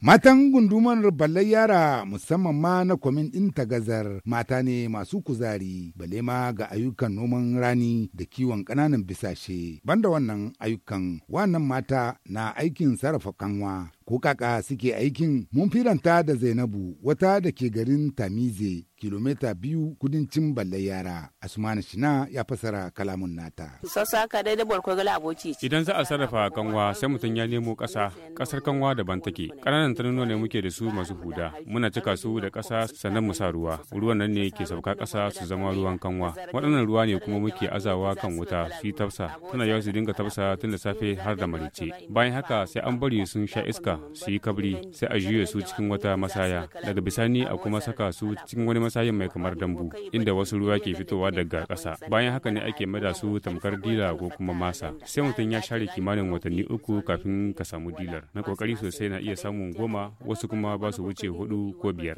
Matan gundumar ballar yara musamman ma na kwamin ɗin tagazar mata ne masu kuzari bale ma ga ayyukan noman rani da kiwon ƙananan bisashe banda wannan ayyukan wannan mata na aikin sarrafa kanwa ko kaka suke aikin mun firanta da zainabu wata da ke garin tamize kilomita biyu kudincin balle yara asmanu shina ya fasara kalamun nata idan za a sarrafa kanwa sai mutum ya nemo ƙasa ƙasar kanwa daban take ƙananan tanuno ne muke da su masu huda muna cika su da ƙasa sannan mu sa ruwa ruwan nan ne ke sauka ƙasa su zama ruwan kanwa waɗannan ruwa ne kuma muke azawa kan wuta su tafsa tana yawa su dinga tafsa tun da safe har da marice bayan haka sai an bari sun sha iska su yi kabri sai a juya su cikin wata masaya daga bisani a kuma saka su cikin wani masayin mai kamar dambu inda wasu ruwa ke fitowa daga ƙasa bayan haka ne ake mada su tamkar dila ko kuma masa sai mutum ya share kimanin watanni uku kafin ka samu dilar na kokari sosai na iya samun goma wasu kuma ba su wuce hudu ko biyar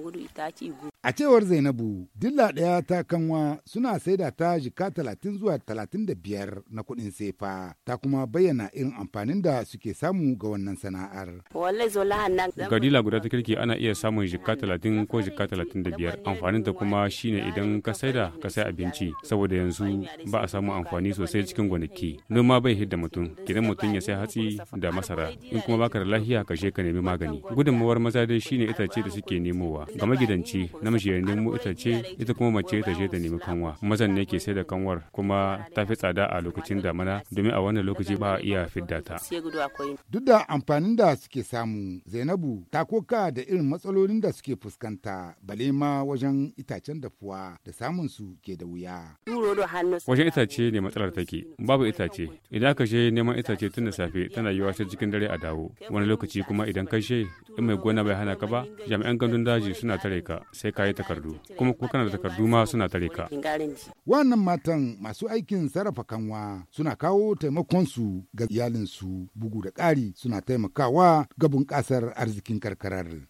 A cewar Zainabu, dilla ɗaya ta kanwa suna saida ta jika talatin zuwa talatin da biyar na kuɗin sefa, ta kuma bayyana irin amfanin da suke samu ga wannan sana'ar. Ga guda ta kirki ana iya samun jika talatin ko jika talatin da biyar, amfanin ta kuma shine idan ka saida ka sai abinci, saboda yanzu ba a samu amfani sosai cikin gonaki. Noma bai hidda mutum, gidan mutum ya sai hatsi da masara, in kuma baka da lahiya ka je ka nemi magani. Gudunmawar maza dai shine itace da suke nemowa, ga magidanci namiji ya nemo itace ita kuma mace ta je ta nemi kanwa mazan ne ke sai da kanwar kuma ta fi tsada a lokacin damana domin a wannan lokaci ba iya fidda ta duk da amfanin da suke samu zainabu ta koka da irin matsalolin da suke fuskanta bale ma wajen itacen dafuwa da samun su ke da wuya wajen itace ne matsalar take babu itace idan ka je neman itace tun da safe tana yiwa sai cikin dare a dawo wani lokaci kuma idan ka she in mai gona bai hana ka ba jami'an gandun daji suna tare ka sai kayi takardu kuma kuka kana da takardu ma suna tare ka wannan matan masu aikin sarrafa kanwa suna kawo taimakonsu ga iyalinsu bugu da ƙari suna taimakawa ga bunƙasar arzikin karkarar